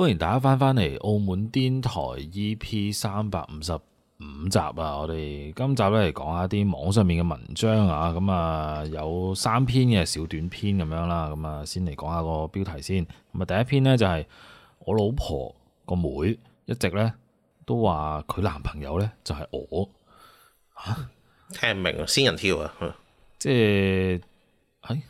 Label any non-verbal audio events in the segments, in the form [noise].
歡迎大家翻返嚟澳門癲台 EP 三百五十五集啊！我哋今集咧嚟講下啲網上面嘅文章啊，咁、嗯、啊有三篇嘅小短篇咁樣啦，咁、嗯、啊先嚟講下個標題先。咁啊第一篇呢就係我老婆個妹妹一直呢都話佢男朋友呢就係我。吓？聽唔明？啊？仙人跳啊？嗯、即係？哎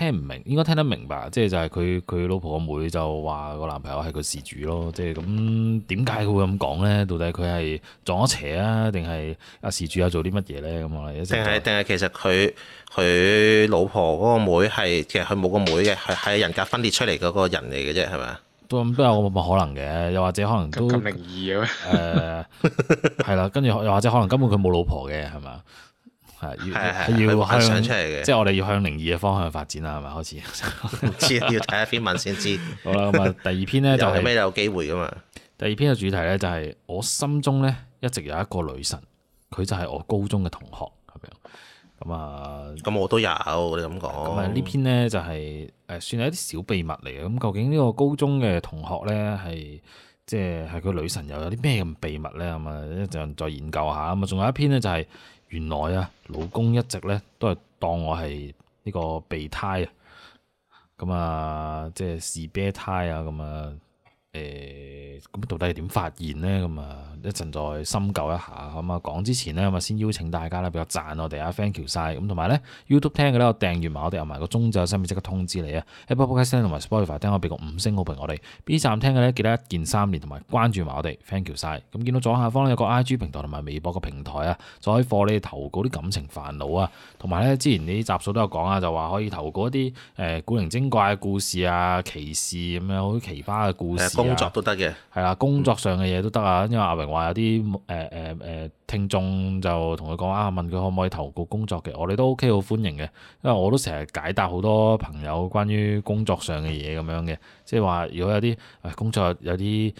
聽唔明，應該聽得明白吧，即係就係佢佢老婆個妹就話個男朋友係佢事主咯，即係咁點解佢會咁講咧？到底佢係撞咗邪啊，定係阿事主有做啲乜嘢咧？咁啊、就是，定係定係其實佢佢老婆嗰個妹係其實佢冇個妹嘅，係係 [laughs] 人格分裂出嚟嗰個人嚟嘅啫，係咪啊？都都有冇可能嘅，又或者可能都咁靈異嘅咩？誒，係啦，跟住又或者可能根本佢冇老婆嘅，係嘛？係，係係要，的要幻想出嚟嘅，的即係我哋要向靈異嘅方向發展啦，係咪的的開始？知 [laughs] 要睇一篇文先知。 [laughs] 好啦，咁啊，第二篇咧就係、是、咩有機會噶嘛？第二篇嘅主題咧就係、是、我心中咧一直有一個女神，佢就係我高中嘅同學咁樣。咁啊，咁我都有，你咁講。咁啊，呢篇咧就係、是、誒，算係一啲小秘密嚟嘅。咁究竟呢個高中嘅同學咧係即係係佢女神，又有啲咩咁秘密咧？咁啊，一陣再研究下。咁啊，仲有一篇咧就係、是。原來啊，老公一直咧都係當我係呢個備胎啊，咁啊即係試備胎啊咁啊～誒，咁、欸、到底係點發現咧？咁啊，一陣再深究一下。咁啊，講之前呢，咁啊，先邀請大家咧，俾個讚我哋啊，thank you 晒。咁同埋咧，YouTube 聽嘅咧，訂閱我訂完埋，我哋入埋個鐘就，順便即刻通知你啊。喺 Apple Podcast 同埋 Spotify 聽，我俾個五星好評我哋。B 站聽嘅咧，記得一鍵三連，同埋關注埋我哋，thank you 晒。咁見到左下方咧有個 IG 平台同埋微博個平台啊，可以貨你哋投稿啲感情煩惱啊，同埋咧之前啲集數都有講啊，就話可以投稿一啲誒、呃、古靈精怪嘅故事啊，奇事咁樣，好似奇葩嘅故事。 [music] 工作都得嘅，係啦，工作上嘅嘢都得啊。因為阿榮話有啲誒誒誒聽眾就同佢講啊，問佢可唔可以投稿工作嘅？我哋都 OK，好歡迎嘅。因為我都成日解答好多朋友關於工作上嘅嘢咁樣嘅，即係話如果有啲、哎、工作有啲。有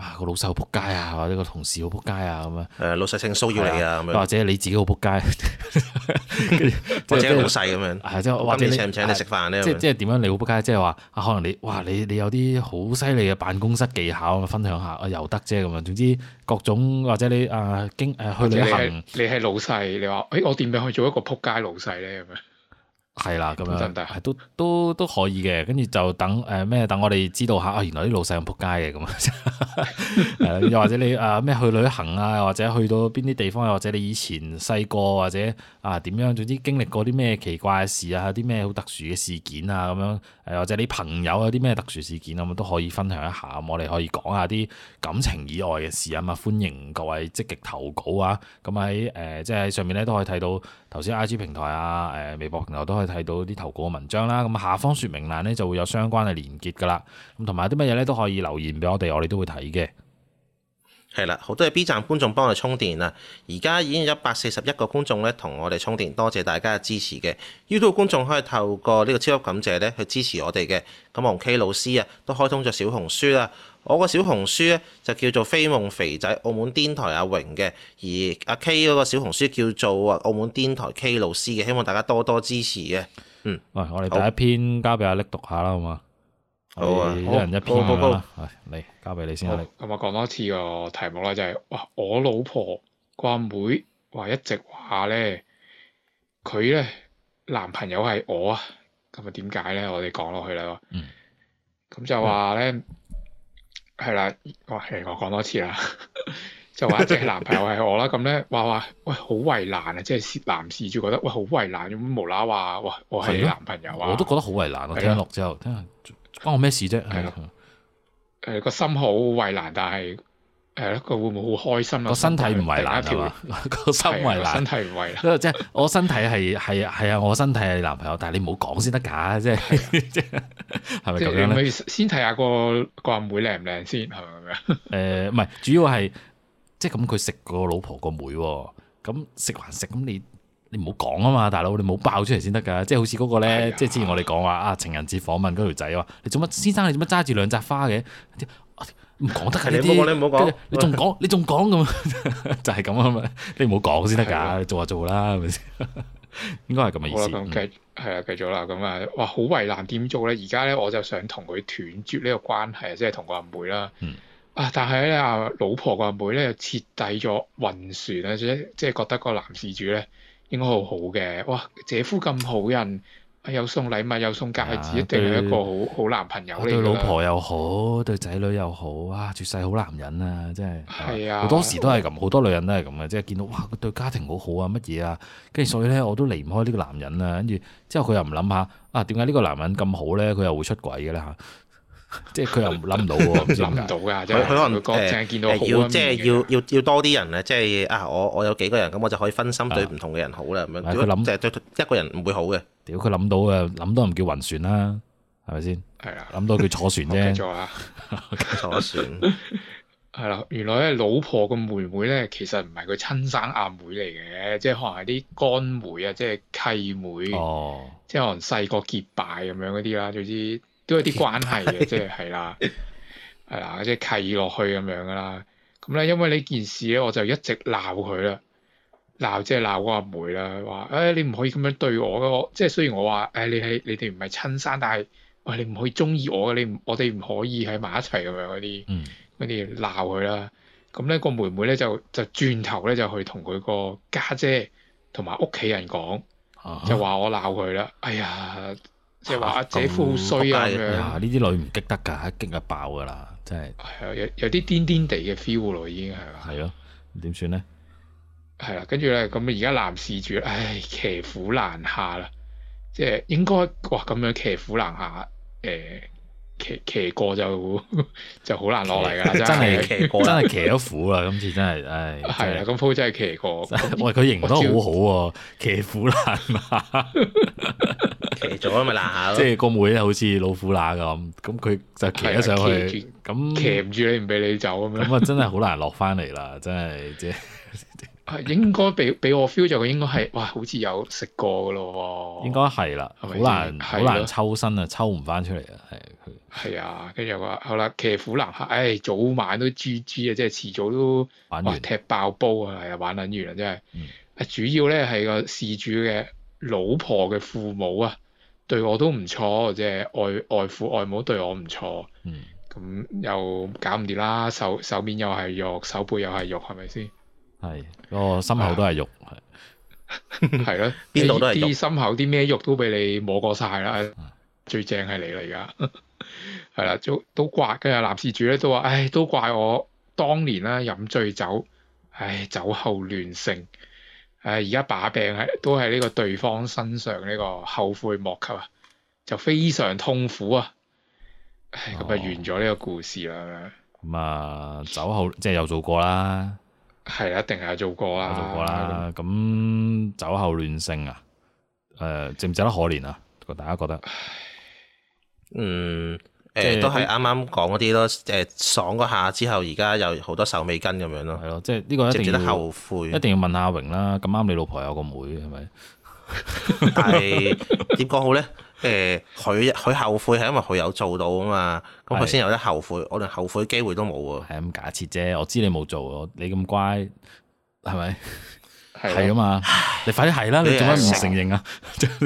啊！個老細好仆街啊，或者個同事好仆街啊，咁啊。誒，老細性騷擾你啊，咁樣。或者你自己好仆街，或者老細咁樣。係、啊、即係或者請唔請你食飯咧？即即係點樣你好仆街？即係話啊，可能你哇，你你有啲好犀利嘅辦公室技巧啊，分享下啊，又得啫咁啊。總之各種或者你啊經誒、啊、去旅行。你係老細，你話誒，我點樣去做一個仆街老細咧？咁樣。係啦，咁樣係都都都可以嘅，跟住就等誒咩、呃？等我哋知道下，啊，原來啲老細咁仆街嘅咁啊，又、 [laughs] 呃、或者你誒咩、呃、去旅行啊，或者去到邊啲地方，又或者你以前細個或者啊點樣，總之經歷過啲咩奇怪嘅事啊，啲咩好特殊嘅事件啊，咁樣誒、呃，或者你朋友有啲咩特殊事件咁啊，都可以分享一下，咁我哋可以講下啲感情以外嘅事啊嘛，歡迎各位積極投稿啊，咁喺誒即係喺上面咧都可以睇到。頭先 I G 平台啊，誒微博平台都可以睇到啲投稿嘅文章啦。咁下方説明欄咧就會有相關嘅連結噶啦。咁同埋啲乜嘢咧都可以留言俾我哋，我哋都會睇嘅。係啦，好多嘅 B 站觀眾幫我哋充電啊！而家已經有一百四十一個觀眾咧同我哋充電，多謝大家嘅支持嘅。YouTube 觀眾可以透過呢個超級感謝咧去支持我哋嘅。咁黃 K 老師啊都開通咗小紅書啦。我個小紅書咧就叫做飛夢肥仔澳門癲台阿榮嘅，而阿 K 嗰個小紅書叫做啊澳門癲台 K 老師嘅，希望大家多多支持嘅。嗯，喂，我哋第一篇交俾阿力 i 讀下啦，好唔好？好啊，一人一篇啦。係，嚟，交俾你先。今日講多次個題目啦，就係，就係哇，我老婆個阿妹話一直話咧，佢咧男朋友係我啊。咁啊，點解咧？我哋講落去啦。嗯。咁就話咧。係啦， [laughs] 哇，我講多次啦，就話即係男朋友係我啦，咁咧話話喂好為難啊，即係男事主覺得喂好為難咁，無啦話哇我係你男朋友啊，我都覺得好為難啊，聽落之後，聽下關我咩事啫，係咯的，誒個、呃、心好為難，但係。係咯，佢會唔會好開心啊？個身體唔為難係嘛，個心為難。身體唔為難即係、 [laughs] 啊、 [laughs] 我身體係係係啊，我身體係男朋友，但係你唔好講先得噶，即係即係，係咪咁咧？先睇下個個阿妹靚唔靚先，係咪咁樣？誒，唔係，主要係即係咁，佢食個老婆個妹，妹，咁食還食，咁你你唔好講啊嘛，大佬，你唔好爆出嚟先得噶，即係好似嗰個咧， [laughs] 即係之前我哋講話啊，情人節訪問嗰條仔話，你做乜先生，你做乜揸住兩扎花嘅？唔講得噶，你你唔好講，你仲講，你仲講咁，做就係咁啊嘛，你唔好講先得噶，做下做啦，係咪先？應該係咁嘅意思。好啦，咁繼係啊，繼、嗯、續啦，咁啊，哇，好為難點做咧？而家咧，我就想同佢斷絕呢個關係，即係同個阿妹啦。啊、嗯，但係咧，阿老婆個阿妹咧又徹底咗暈船啊，即即係覺得個男事主咧應該好好嘅。哇，姐夫咁好人。又送禮物又送戒指，對一定係一個好對好男朋友嚟嘅。對老婆又好，對仔女又好，哇、啊，絕世好男人啊，真係。係啊。好多時都係咁，好多女人都係咁啊。即係見到哇，佢對家庭好好啊，乜嘢啊，跟住所以咧，我都離唔開呢個男人啊。跟住之後佢又唔諗下啊，點解呢個男人咁好咧？佢又會出軌嘅啦吓。即係佢又諗唔到，諗唔到噶。佢可能誒，要即係要要要多啲人啊。即係啊，我我有幾個人咁，啊、我，人我就可以分心對唔同嘅人好啦。咁樣。佢諗，就係對一個人唔會好嘅。如果佢諗到嘅，諗到唔叫暈船啦，係咪先？係啊，諗到佢坐船啫。 [laughs] 坐船。係啦，原來咧老婆個妹妹咧，其實唔係佢親生阿妹嚟嘅，即係可能係啲乾妹、哦、啊，即係契妹。哦。即係可能細個結拜咁樣嗰啲啦，總之都有啲關係嘅，即係，係啦，係啦，即係契落去咁樣噶啦。咁咧，因為呢件事咧，我就一直鬧佢啦。鬧即係鬧個阿妹啦，話，誒你唔可以咁樣對我，即係雖然我話誒你係你哋唔係親生，但係，你唔可以中意我，你我哋唔可以喺埋一齊咁樣嗰啲，嗰啲鬧佢啦。咁咧個妹妹咧就就轉頭咧就去同佢個家姐同埋屋企人講，就話我鬧佢啦。哎呀，即係話阿姐夫好衰啊咁樣。呢啲女唔激得㗎，一激就爆㗎啦，真係。係啊，有有啲癲癲地嘅 feel 咯，已經係啊。係咯，點算咧？係啦，跟住咧，咁而家男事主，唉，騎虎難下啦，即、就、係、是、應該哇，咁樣騎虎難下，誒、欸，騎騎過就 [laughs] 就好難落嚟噶啦，真係騎過，真係騎咗虎啦，今次真係，唉，係啦，咁鋪真係騎過，喂，佢形容得好好、啊、喎，騎虎難下， [laughs] [laughs] 騎咗咪、嗯、 [laughs] 難下咯，即係個妹好似老虎乸咁，咁佢就騎咗上去，咁、啊、騎唔住，住你唔俾你走咁樣，咁啊 [laughs] 真係好難落翻嚟啦，真係，即係。應該俾俾我 feel 就應該係，哇！好似有食過噶咯喎，應該係啦，好難好難抽身啊，的抽唔翻出嚟啊，係係啊，跟住話好啦，騎虎難下，唉、哎，早晚都 GG 啊，即係遲早都玩完踢爆煲啊，係啊，玩撚完啦，即係，嗯、主要咧係個事主嘅老婆嘅父母啊，對我都唔錯，即係外外父外母對我唔錯，咁、嗯、又搞唔掂啦，手手面又係肉，手背又係肉，係咪先？係、個心口都係肉，係係咯，邊啲心口啲咩肉都俾你摸過晒啦。 [laughs] 最正係你嚟噶，係 [laughs] 啦。都都怪跟男事主咧都話，唉，都怪我當年啦，飲醉酒，唉，酒後亂性，唉，而家把柄係都係呢個對方身上呢個後悔莫及啊，就非常痛苦啊，哦、唉，咁啊，完咗呢個故事啦，咁啊、嗯，酒後即係有做過啦。係啊，一定係做過啦。做過啦。咁酒後亂性啊？誒、呃，值唔值得可憐啊？大家覺得？嗯，誒、呃，都係啱啱講嗰啲咯。誒、呃，爽嗰下之後有，而家又好多手尾跟咁樣咯。係咯，即係呢個值唔值得後悔？值值一定要問阿榮啦。咁啱你老婆有個妹係咪？是是 [laughs] [laughs] 但係點講好咧？誒，佢佢後悔係因為佢有做到啊嘛，咁佢先有得後悔，我連後悔機會都冇啊。係咁假設啫，我知你冇做，你咁乖係咪？係啊嘛，你快啲係啦，你做乜唔承認啊？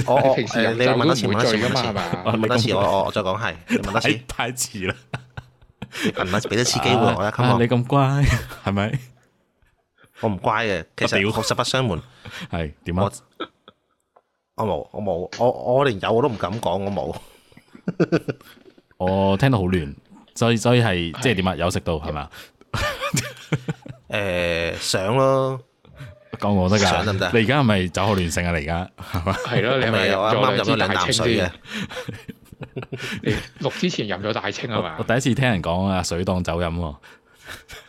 我誒，你問多次啊嘛，係嘛？問多次，我我再講係，問多次太遲啦。俾多次機會我啦，咁你咁乖係咪？我唔乖嘅，其實要學實不相瞞，係點啊？我冇，我冇，我我連有我都唔敢講，我冇。 [laughs] 我聽到好亂，所以所以係是即係點啊？有食到係嘛？誒、欸，想咯，講我得噶想得唔得？你而家係咪酒後亂性啊？你而家係嘛？係咯， [laughs] 你咪有？啊？乜飲咗大清啲？你錄之前飲咗大清係嘛？我第一次聽人講啊，水當酒飲。 [laughs]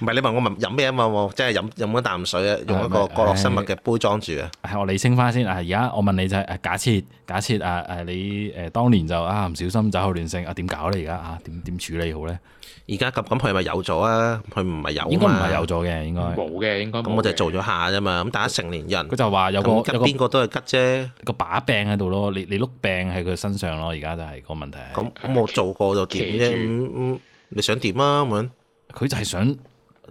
唔係你問我問飲咩啊嘛，即係飲飲咗啖水啊，用一個角落生物嘅杯裝住啊。係，我理清翻先啊，而家我問你就誒，假設假設啊誒你誒當年就啊唔小心走後亂性啊點搞咧？而家啊點點處理好咧？而家咁咁佢咪有咗啊？佢唔係有，應該唔係有咗嘅，應該冇嘅，應該咁我就做咗下啫嘛。咁大家成年人，佢就話有個有個邊個都係吉啫，個把柄喺度咯。你你碌病喺佢身上咯，而家就係個問題。咁咁我做過就點啫？咁咁你想點啊咁樣？佢就係想，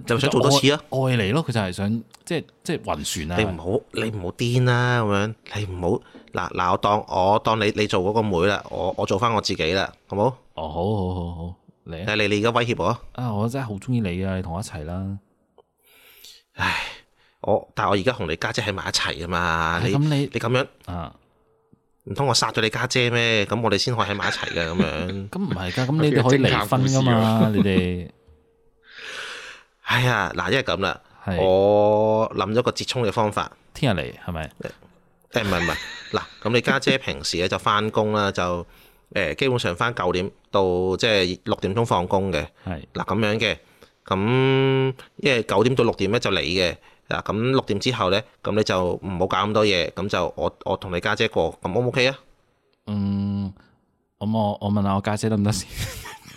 就想做多次啊，愛你咯！佢就係想，即係即係暈船啊！你唔好你唔好癲啦，咁樣你唔好嗱嗱！我當我當你你做嗰個妹啦，我我做翻我自己啦，好冇？哦，好好好好，好你，啊你啊，你你而家威脅我啊！啊，我真係好中意你啊，你同我一齊啦！唉，我但係我而家同你家姐喺埋一齊啊嘛！咁你你咁樣啊？唔通我殺咗你家姐咩？咁我哋先可以喺埋一齊噶咁樣？咁唔係噶，咁你哋可以離婚噶嘛？ [laughs] 你哋？係啊，嗱、哎，因為咁啦，是我諗咗個折衷嘅方法，聽日嚟係咪？誒，唔係唔係，嗱，咁 [laughs] 你家姐，姐平時咧就翻工啦，就誒，基本上翻九點到即係六點鐘放工嘅。係是，嗱咁樣嘅，咁因為九點到六點咧就嚟嘅，嗱咁六點之後咧，咁你就唔好搞咁多嘢，咁就我我同你家姐，姐過，咁 O 唔 OK 啊？嗯，我我我問下我家姐得唔得先？ [laughs]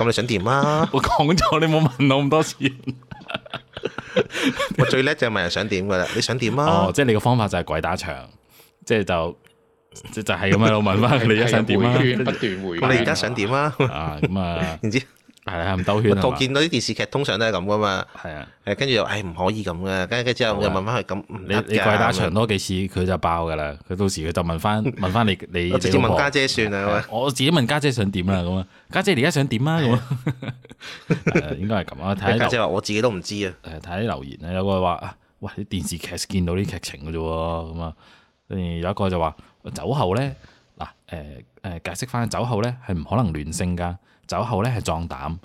咁你想點啊？我講咗你冇問我咁多次，我最叻就係問人想點噶啦。你想點啊？哦，即係你嘅方法就係鬼打牆， [laughs] 即係就就係咁喺度問翻 [laughs] 你而家想點啊？不斷回，咁你而家想點啊？ [laughs] 啊，咁、嗯、啊，唔知。係啊，唔兜圈啊，我見到啲電視劇通常都係咁噶嘛。係啊的，誒，跟住又，誒、哎，唔可以咁噶。跟住之後又問翻佢，咁的你你再打長多幾次，佢就爆噶啦。佢到時佢就問翻， [laughs] 問翻你你。我直接問家姐算啊。我自己問家姐想點啦，咁啊，家姐你而家想點啊，咁啊。是的 [laughs] 應該係咁啊。家 [laughs] 姐話我自己都唔知啊。睇留言啊，有個話啊，喂，啲電視劇見到啲劇情噶啫。咁啊，誒，有一個就話，酒後咧，嗱，誒，誒，解釋翻，酒後咧係唔可能亂性噶。酒後咧係壯膽，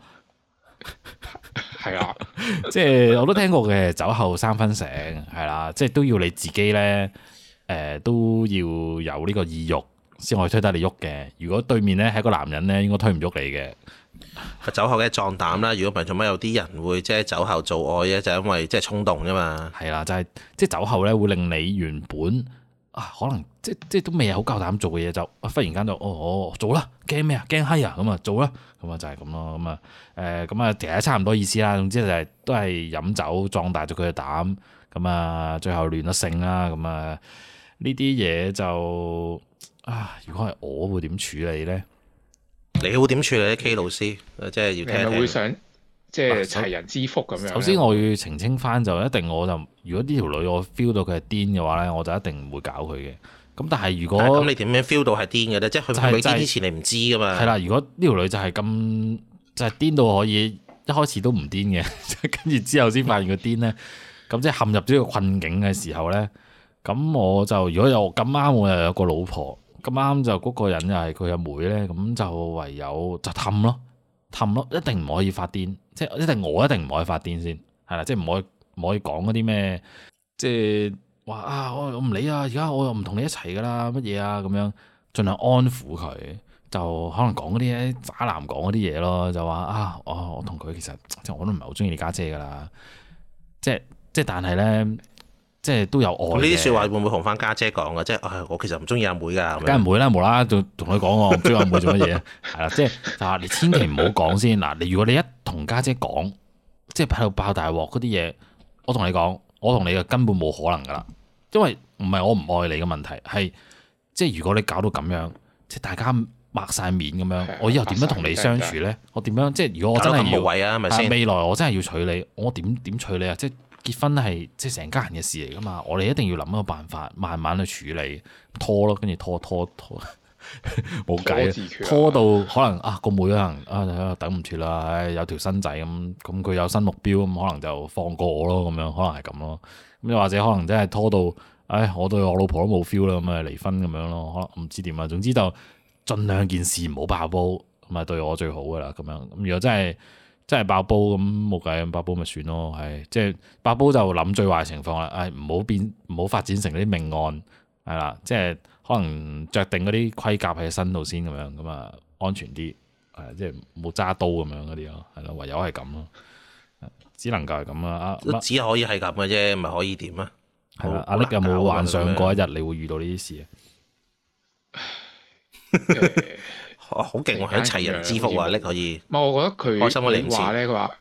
係 [laughs] 啊, [laughs] 啊，即係我都聽過嘅，酒後三分醒，係啦，即係都要你自己咧，誒、呃、都要有呢個意欲先可以推得你喐嘅。如果對面咧係一個男人咧，應該推唔喐你嘅。酒 [laughs] 後嘅壯膽啦，如果唔係，做咩有啲人會即係酒後做愛咧？就係、因為即係衝動啫嘛。係啦、啊，就係、係、即係酒後咧會令你原本。啊，可能即即都未有好夠膽做嘅嘢，就啊忽然間就哦哦做啦，驚咩啊？驚嗨啊！咁啊做啦，咁啊就係咁咯，咁啊誒咁啊，其實差唔多意思啦。總之就係、是、都係飲酒壯大咗佢嘅膽，咁啊最後亂咗性啦，咁啊呢啲嘢就啊，如果係我會點處理咧？你會點處理咧？K 老師，即係要聽聽。人會想。即係齊人之福咁樣。首先我要澄清返，就一定我就如果呢條女我 feel 到佢係癲嘅話咧，我就一定唔會搞佢嘅。咁但係如果咁你點樣 feel 到係癲嘅咧？即係佢就係之前你唔知㗎嘛？係啦，如果呢條女就係咁就係癲到可以一開始都唔癲嘅，跟住之後先發現佢癲咧，咁即係陷入咗呢個困境嘅時候咧，咁我就如果有咁啱我又有個老婆，咁啱就嗰個人又係佢阿妹咧，咁就唯有就氹咯。氹咯，一定唔可以發癲，即係一定我一定唔可以發癲先，係啦，即係唔可以唔可以講嗰啲咩，即係話啊，我我唔理啊，而家我又唔同你一齊㗎啦，乜嘢啊咁樣，盡量安撫佢，就可能講嗰啲渣男講嗰啲嘢咯，就話啊，我我同佢其實即係我都唔係好中意你家姐㗎啦，即係即係但係咧。即係都有我呢啲説話會唔會同翻家姐講啊？即係我其實唔中意阿妹噶。梗唔會啦，無啦啦就同佢講我唔中意阿妹做乜嘢？係啦， [laughs] 即係話你千祈唔好講先嗱。你如果你一同家姐講，即係喺度爆大鑊嗰啲嘢，我同你講，我同你嘅根本冇可能噶啦。因為唔係我唔愛你嘅問題，係即係如果你搞到咁樣，即係大家擘晒面咁樣，的我以後點樣同你相處咧？啊、我點樣即係如果我真係要無、啊、未來我真係要娶你，我點點娶你啊？即係。結婚係即係成家人嘅事嚟噶嘛，我哋一定要諗一個辦法，慢慢去處理，拖咯，跟住拖拖拖，冇計，拖，拖，拖，拖到可能啊個妹，妹啊，可能啊等唔住啦、哎，有條新仔咁，咁、啊、佢有新目標咁、啊，可能就放過我咯，咁樣可能係咁咯，咁又或者可能真係拖到，唉、哎、我對我老婆都冇 feel 啦，咁啊離婚咁樣咯，可能唔知點啊，總之就盡量件事唔好爆煲，咁啊對我最好噶啦，咁樣，咁如果真係。真係爆煲咁冇計，爆煲咪算咯，係、哎、即係爆煲就諗最壞情況啦，誒唔好變唔好發展成啲命案，係啦，即係可能着定嗰啲盔甲喺身度先咁樣，咁啊安全啲，誒即係冇揸刀咁樣嗰啲咯，係咯，唯有係咁咯，只能夠係咁啦，啊、只可以係咁嘅啫，咪可以點啊？係啦的，好阿力有冇幻想過一日你會遇到呢啲事啊？ [laughs] [laughs] 哦，好勁！我喺齊人之福啊，拎可以。唔係，我覺得佢話咧，佢話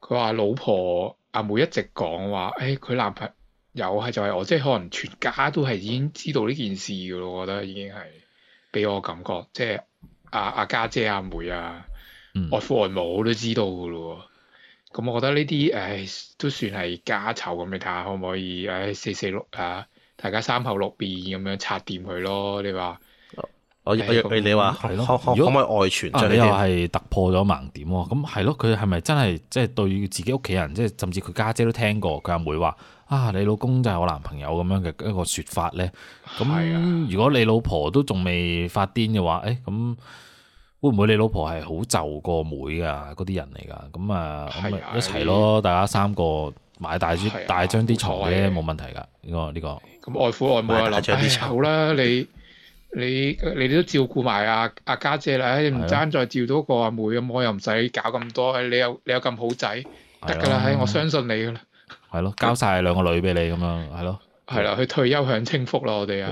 佢話老婆阿妹一直講話，誒、哎、佢男朋友係就係我，即、就、係、是、可能全家都係已經知道呢件事噶咯。我覺得已經係俾我感覺，即係阿阿家姐、阿、啊、妹啊、嗯、外父外母都知道噶咯。咁我覺得呢啲誒都算係家醜咁，你睇下可唔可以？誒、哎、四四六啊，大家三口六面咁樣拆掂佢咯。你話？我約你哋話，如果可唔可以外傳？你、啊、又係突破咗盲點喎、啊。咁係咯，佢係咪真係即係對自己屋企人，即係甚至佢家姐，姐都聽過佢阿妹話：啊，你老公就係我男朋友咁樣嘅一個說法咧。咁如果你老婆都仲未發癲嘅話，誒、欸，咁會唔會你老婆係好就個妹，妹啊？嗰啲人嚟噶，咁啊的，咁咪一齊咯，大家三個買大張的大張啲床咧，冇的問題噶。呢個呢個，咁的外父外母啊，立啲床啦，你。你你哋都照顧埋阿阿家姐啦，唔爭再照顧到個阿妹咁，的我又唔使搞咁多。你有你有咁好仔，得噶啦，我相信你噶啦。係咯，交晒兩個女畀你咁樣，係咯。係啦，去退休享清福咯，我哋啊，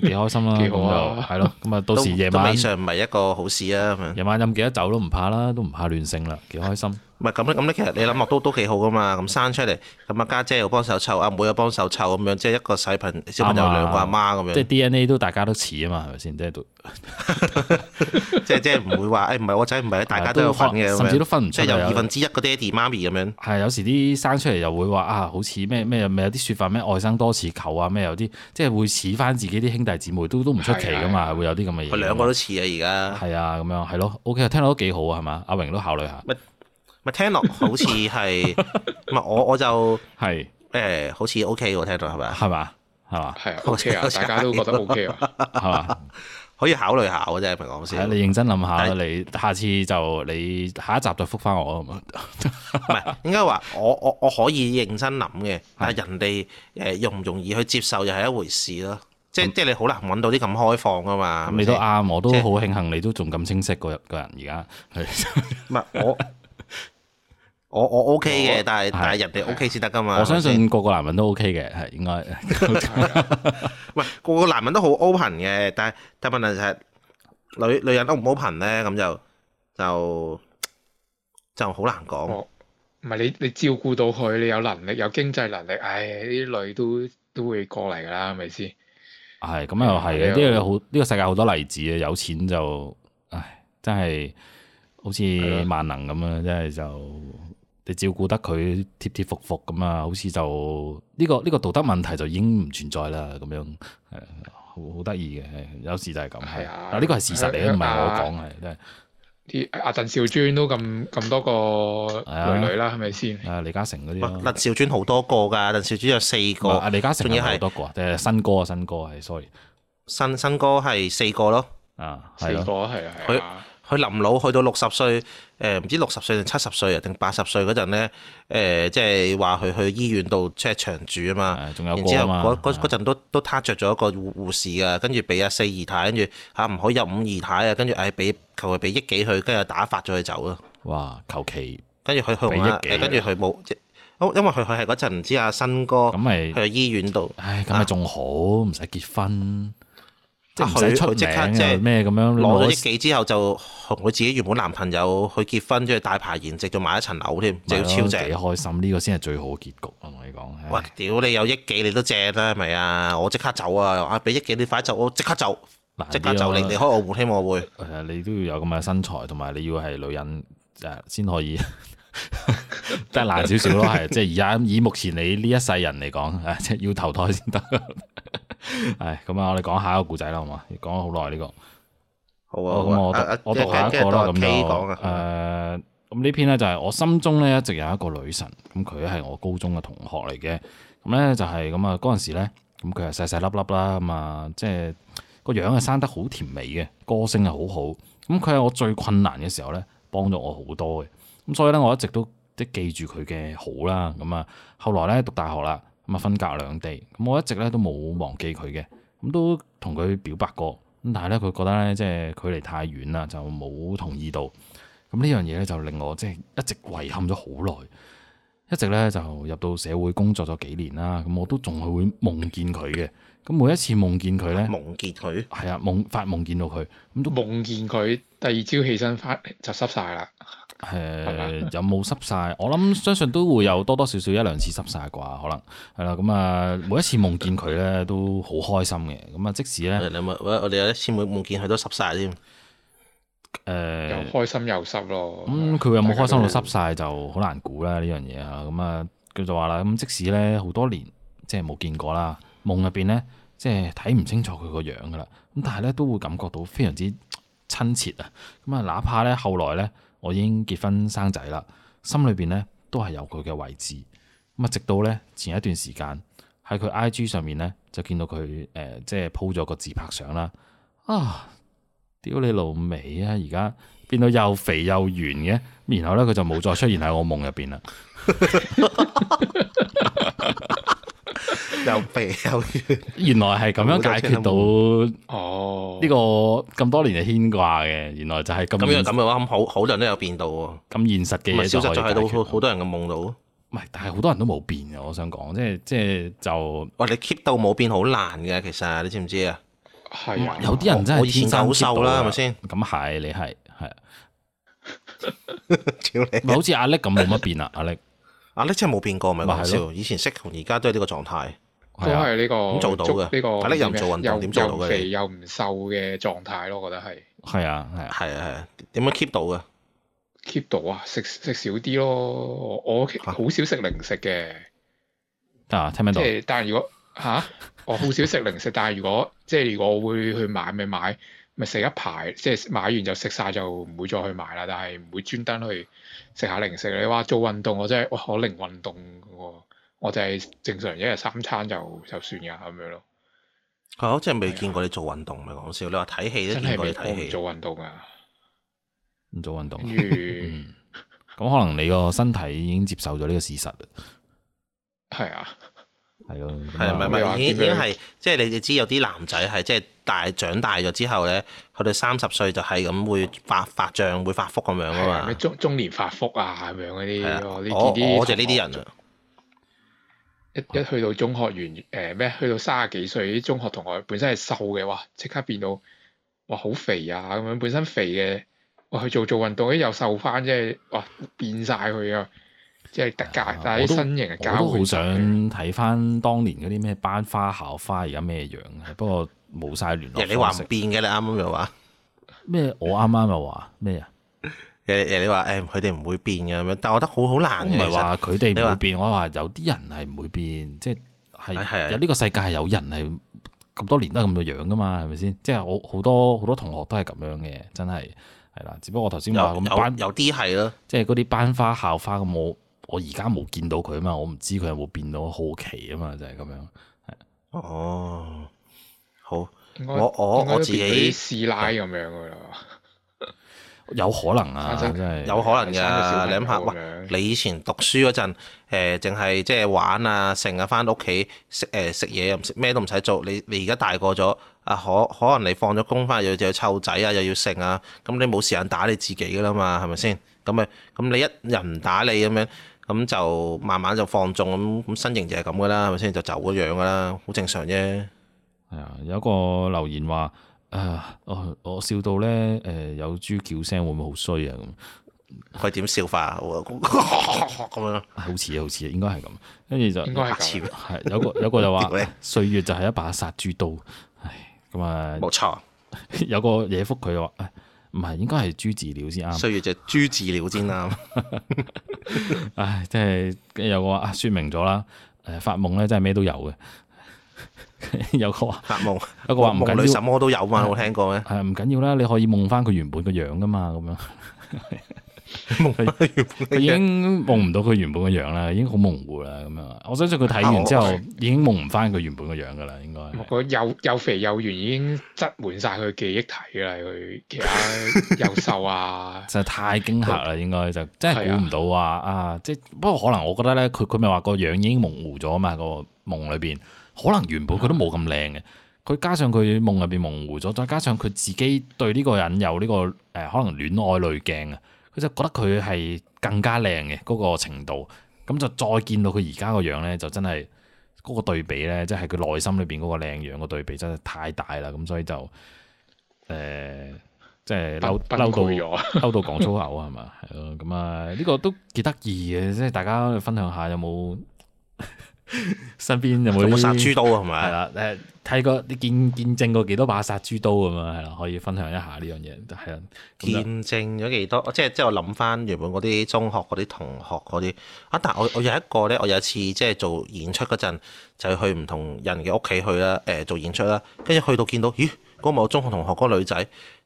幾、哦、開心啦，幾 [laughs] 好啊的，係咯，咁啊，到時夜晚上，上唔係一個好事啊。夜晚飲幾多酒都唔怕啦，都唔怕亂性啦，幾開心。 [laughs] 唔係咁咧，咁咧，其實你諗落都都幾好噶嘛，咁生出嚟，咁啊家姐又幫手湊，阿妹又幫手湊，咁樣即係一個細朋小朋友兩個阿媽咁樣，即係 D N A 都大家都似啊嘛，係咪先？即係都，即係即係唔會話，誒、哎，唔係我仔唔係，大家都有分嘅，嗯，甚至都分唔出，即係有二分之一個爹地媽咪咁樣。係有時啲生出嚟又會話啊，好似咩咩，咪有啲說法咩外甥多似舅啊，咩有啲即係會似翻自己啲兄弟姊妹都都唔出奇噶嘛，會有啲咁嘅嘢。佢兩個都似啊，而家係啊，咁樣係咯，O K，聽落都幾好啊，係、啊、嘛，阿榮都考慮下。啊咪聽落好似係，咪我我就係誒，好似 O K 我聽到係咪啊？係嘛？係嘛？係 O K 啊，大家都覺得 O K 啊，係嘛？可以考慮下嘅啫，譬如講先。你認真諗下，你下次就你下一集就覆返我啊嘛。唔係，應該話我我我可以認真諗嘅，但係人哋誒容唔容易去接受又係一回事咯。即即係你好難搵到啲咁開放噶嘛。你都啱，我都好慶幸你都仲咁清晰個人而家。唔係我。我我 OK 嘅，但係但係人哋 OK 先得噶嘛。我相信個個男人都 OK 嘅，係應該。喂個個男人都好 open 嘅，但係但問題就係女女人都唔 open 咧，咁就就就好難講。唔係你你照顧到佢，你有能力有經濟能力，唉，呢啲女都都會過嚟噶啦，係咪先？係咁又係嘅，呢個好呢個世界好多例子啊！有錢就唉，真係好似萬能咁樣！真係就～你照顧得佢貼貼服服咁啊，好似就呢個呢個道德問題就已經唔存在啦，咁樣誒，好好得意嘅，有時就係咁。係啊，呢個係事實嚟，唔係我講嘅，真係。啲阿鄧兆尊都咁咁多個女女啦，係咪先？啊，李嘉誠嗰啲。鄧兆尊好多個㗎，鄧兆尊有四個。啊，李嘉誠已經係好多個啊，誒新歌啊，新歌，係，sorry，新新哥係四個咯。啊，四個係啊。佢臨老去到六十歲，誒、呃、唔知六十歲定七十歲啊？定八十歲嗰陣咧，誒即係話佢去醫院度即係長住啊嘛。有然後之後嗰陣的都都攤着咗一個護護士啊，跟住俾阿四姨太，跟住嚇唔可以入五姨太啊，跟住誒俾求佢俾億幾佢，跟住打發咗佢走咯。哇！求其跟住佢佢冇，跟住佢冇，因因為佢佢係嗰陣唔知阿新哥，佢喺是醫院度，唉，咁咪仲好，唔使結婚。啊！佢出名即係咩咁樣攞咗億幾之後就同佢自己原本男朋友去結婚，跟住大排筵席，仲買一層樓添，就要超正，開心呢個先係最好嘅結局。我同你講，哇！屌你有億幾你都正啦，係咪啊？我即刻走啊！啊，俾億幾你快走，我即刻走，即刻走，你離開我，戶聽我會。誒，你都要有咁嘅身材，同埋你要係女人誒，先可以。 [laughs] 點點都係難少少咯，係 [laughs] 即係而家以目前你呢一世人嚟講，誒，即係要投胎先得。係咁啊，我哋講下一個故仔啦，好嘛？講咗好耐呢個，好啊。咁我讀、啊、我讀下一個啦，咁就誒咁、啊呃、呢篇咧就係我心中咧一直有一個女神，咁佢係我高中嘅同學嚟嘅。咁咧就係咁啊，嗰陣時咧，咁佢係細細粒粒啦，咁、嗯、啊，即係個樣係生得好甜美嘅，歌聲係好好。咁佢係我最困難嘅時候咧，幫咗我好多嘅。.咁所以咧，我一直都即係記住佢嘅好啦。咁啊，後來咧讀大學啦，咁啊分隔兩地。咁我一直咧都冇忘記佢嘅，咁都同佢表白過。咁但係咧，佢覺得咧即係距離太遠啦，就冇同意到。咁呢樣嘢咧就令我即係一直遺憾咗好耐。一直咧就入到社會工作咗幾年啦，咁我都仲係會夢見佢嘅。咁每一次夢見佢咧，夢見佢係啊夢發夢見到佢，咁都夢見佢。第二朝起身翻就濕晒啦。誒、啊， [laughs] 有冇濕晒？我諗相信都會有多多少少一兩次濕晒啩，可能係啦。咁啊，每一次夢見佢咧都好開心嘅。咁啊，即使咧，我我哋有一次會夢見佢都濕晒添。誒，又開心又濕咯。咁佢有冇開心到濕晒就好難估啦呢樣嘢啊。咁啊，佢就話啦，咁即使咧好多年即係冇見過啦，夢入面咧。即係睇唔清楚佢個樣噶啦，咁但係咧都會感覺到非常之親切啊！咁啊，哪怕咧後來咧我已經結婚生仔啦，心裏邊咧都係有佢嘅位置。咁啊，直到咧前一段時間喺佢 IG 上面咧就見到佢誒、呃，即係 po 咗個自拍相啦。啊，屌你老味啊！而家變到又肥又圓嘅，然後咧佢就冇再出現喺我夢入邊啦。 [laughs] [laughs] 又肥又圓，原來係咁樣解決到哦呢個咁多年嘅牽掛嘅，原來就係咁樣咁嘅話，好，好多人都有變到喎、啊，咁現實嘅，現實就係好多人嘅夢到，唔係， [laughs] 但係好多人都冇變嘅。我想講，即係即係就喂、哦，你 keep 到冇變好難嘅，其實你知唔知啊？係有啲人真係以前好瘦啦，係咪先？咁係你係係，唔係好似阿叻咁冇乜變啊。阿叻。阿叻真係冇變過，唔係講笑。以前識同而家都係呢個狀態，都係呢個咁做到嘅。啊、呢個！呢個、阿叻、又唔做運動，點做到嘅？肥又唔瘦嘅狀態咯，我覺得係。係啊，係啊，啊，係啊，點樣 keep 到啊 keep 到啊！食食少啲咯，我好少食零食嘅、啊。但係聽唔到？即係但係如果吓、啊，我好少食零食，但係如果， [laughs] 如果即係我會去買咪買咪食一排，即、就、係、係、買完就食晒，就唔會再去買啦。但係唔會專登去。食下零食，你話做運動，我真係哇！我零運動喎，我就係正常一日三餐就就算嘅咁樣咯。好、哦，似係未見過你做運動，唔係講笑。你話睇戲都見過你睇戲，做運動噶，唔做運動。咁於、 [laughs] 嗯、可能你個身體已經接受咗呢個事實。係 [laughs] 啊。係咯，係咪咪，已經係，即係你哋知有啲男仔係即係大長大咗之後咧，佢哋三十歲就係咁會發發脹、會發福咁樣啊嘛，中中年發福啊咁樣嗰啲，呢啲，我我就呢啲人啊，一一去到中學完誒咩，去到卅幾歲啲中學同學本身係瘦嘅，哇，即刻變到哇好肥啊咁樣，本身肥嘅，哇去做做運動又瘦翻，即係哇變晒佢啊！即係特價，但係好新型嘅價。我都好想睇翻當年嗰啲咩班花校花而家咩樣嘅，不過冇晒聯絡。你話唔變嘅，你啱啱又話咩？我啱啱又話咩啊？誒 [laughs] 你話誒佢哋唔會變嘅咁樣，但係我覺得好好難嘅。唔係話佢哋唔會變，說我話有啲人係唔會變，即係係有呢個世界係有人係咁多年都係咁嘅樣噶嘛，係咪先？即係我好多好多同學都係咁樣嘅，真係係啦。只不過我頭先話咁有啲係咯，即係嗰啲班花校花咁冇。我而家冇見到佢啊嘛，我唔知佢有冇變到好奇啊嘛，就係咁樣。哦，好，我我何干 我自己師奶咁樣噶，有可能啊，真係有可能嘅。你諗下，嗯、你以前讀書嗰陣，誒，淨係即係玩啊，剩啊，翻到屋企食誒食嘢又唔食，咩都唔使做。你你而家大個咗，啊，可可能你放咗工翻去又要湊仔啊，又要剩啊，咁你冇時間打你自己噶啦嘛，係咪先？咁、嗯、啊，咁你一人唔打你咁樣。嗯嗯咁就慢慢就放縱咁，咁身形就係咁噶啦，係咪先？就走咗樣噶啦，好正常啫。係啊，有個留言話：啊，我我笑到咧，誒有豬叫聲，會唔會好衰啊？咁佢點笑法啊？咁樣好似啊，好似啊，應該係咁。跟住就應該係潮喎。有個有個就話： [laughs] 歲月就係一把殺豬刀。唉，咁啊，冇錯。有個野福佢話。唔係，應該係豬飼料先啱。歲月就豬飼料先啱。 [laughs] [laughs] 唉，即係有個話啊，說明咗啦。誒，發夢咧真係咩都有嘅。 [laughs] 有一個話，發夢夢。有一個話夢夢 裏什麼都有嘛，有冇聽過咩？係唔緊要啦，你可以夢翻佢原本個樣噶嘛，咁樣。 [laughs] 夢 [laughs] 已經夢唔到佢原本嘅樣啦，已經好模糊啦。咁樣我相信佢睇完之後， [laughs] 已經夢唔翻佢原本嘅樣噶啦。應該 [laughs] 又又肥又圓，已經擠滿晒佢記憶體啦。佢其實、啊、 [laughs] 又瘦啊，就 [laughs] 太驚嚇啦。應該就真係估唔到啊！啊，即係不過可能我覺得咧，佢佢咪話個樣已經模糊咗嘛？個夢裏邊可能原本佢都冇咁靚嘅，佢加上佢夢入邊模糊咗，再加上佢自己對呢個人有呢個誒，可能戀愛濾鏡啊。就覺得佢係更加靚嘅嗰個程度，咁就再見到佢而家個樣咧，就真係嗰個對比咧，即係佢內心裏邊嗰個靚樣個對比真係太大啦，咁所以就誒即係嬲嬲到嬲到講粗口係嘛？係咯。咁啊呢個都幾得意嘅，即係大家分享下有冇身邊有冇 [laughs] 殺豬刀係咪？ [laughs] 睇過你見見證過幾多把殺豬刀咁啊？係啦，可以分享一下呢樣嘢。係啊，見證咗幾多？即係即係我諗翻原本嗰啲中學嗰啲同學嗰啲啊。但係我我有一個咧，我有一次即係做演出嗰陣，就去唔同人嘅屋企去啦。誒、呃、做演出啦，跟住去到見到咦，嗰、嗰個我中學同學嗰個女仔，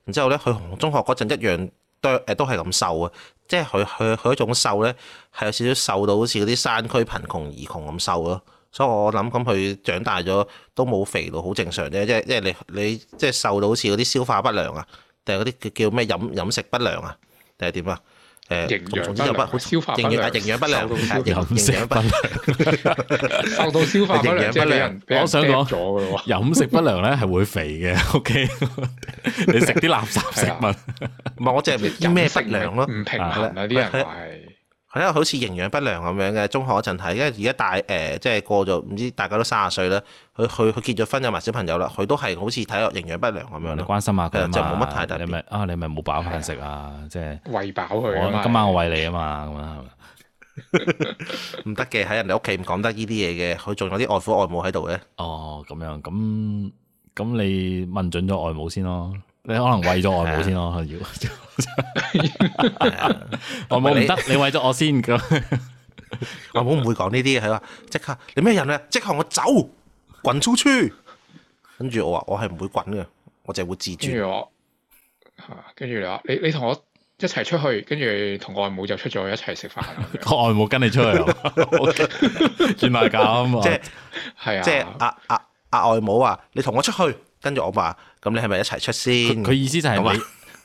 然之後咧佢同中學嗰陣一樣，誒都係咁瘦啊。即係佢佢佢嗰種瘦咧係有少少瘦到好似嗰啲山區貧窮而窮咁瘦咯。所以我諗咁佢長大咗都冇肥到，好正常啫。即係即係你你即係瘦到好似嗰啲消化不良啊，定係嗰啲叫叫咩飲飲食不良啊，定係點啊？誒營養不良，好消化不良，營養不良，營營養不良，受到消化不良即係人。我想講飲食不良咧係會肥嘅。O K，你食啲垃圾食物，唔係我即係啲咩不良咯？唔平衡啊啲人係。係咯，好似營養不良咁樣嘅。中學嗰陣睇，因為而家大誒、呃，即係過咗唔知大家都卅歲啦。佢佢佢結咗婚有埋小朋友啦。佢都係好似睇落營養不良咁樣、嗯。你關心下佢啊，就冇乜太大。你咪啊，你咪冇飽飯食啊，即係餵飽佢。今晚我餵你啊嘛，咁的樣係咪？唔得嘅，喺 [laughs] [laughs] 人哋屋企唔講得呢啲嘢嘅。佢仲有啲外父外母喺度嘅。哦，咁樣咁咁，你問準咗外母先咯。你可能為咗外母先咯你，要外母唔得，你為咗我先。外母唔會講呢啲啊，即刻你咩人啊？即刻我走，滾出去。跟住我話，我係唔會滾嘅，我就係會自尊。跟住我，跟住你話，你你同我一齊出去，跟住同外母就出咗一齊食飯。 [laughs] 外母跟你出去， [laughs] [laughs] 原來咁即即啊即係，即係阿阿阿外母話，你同我出去。跟住我話，咁你係咪一齊出先？佢意思就係話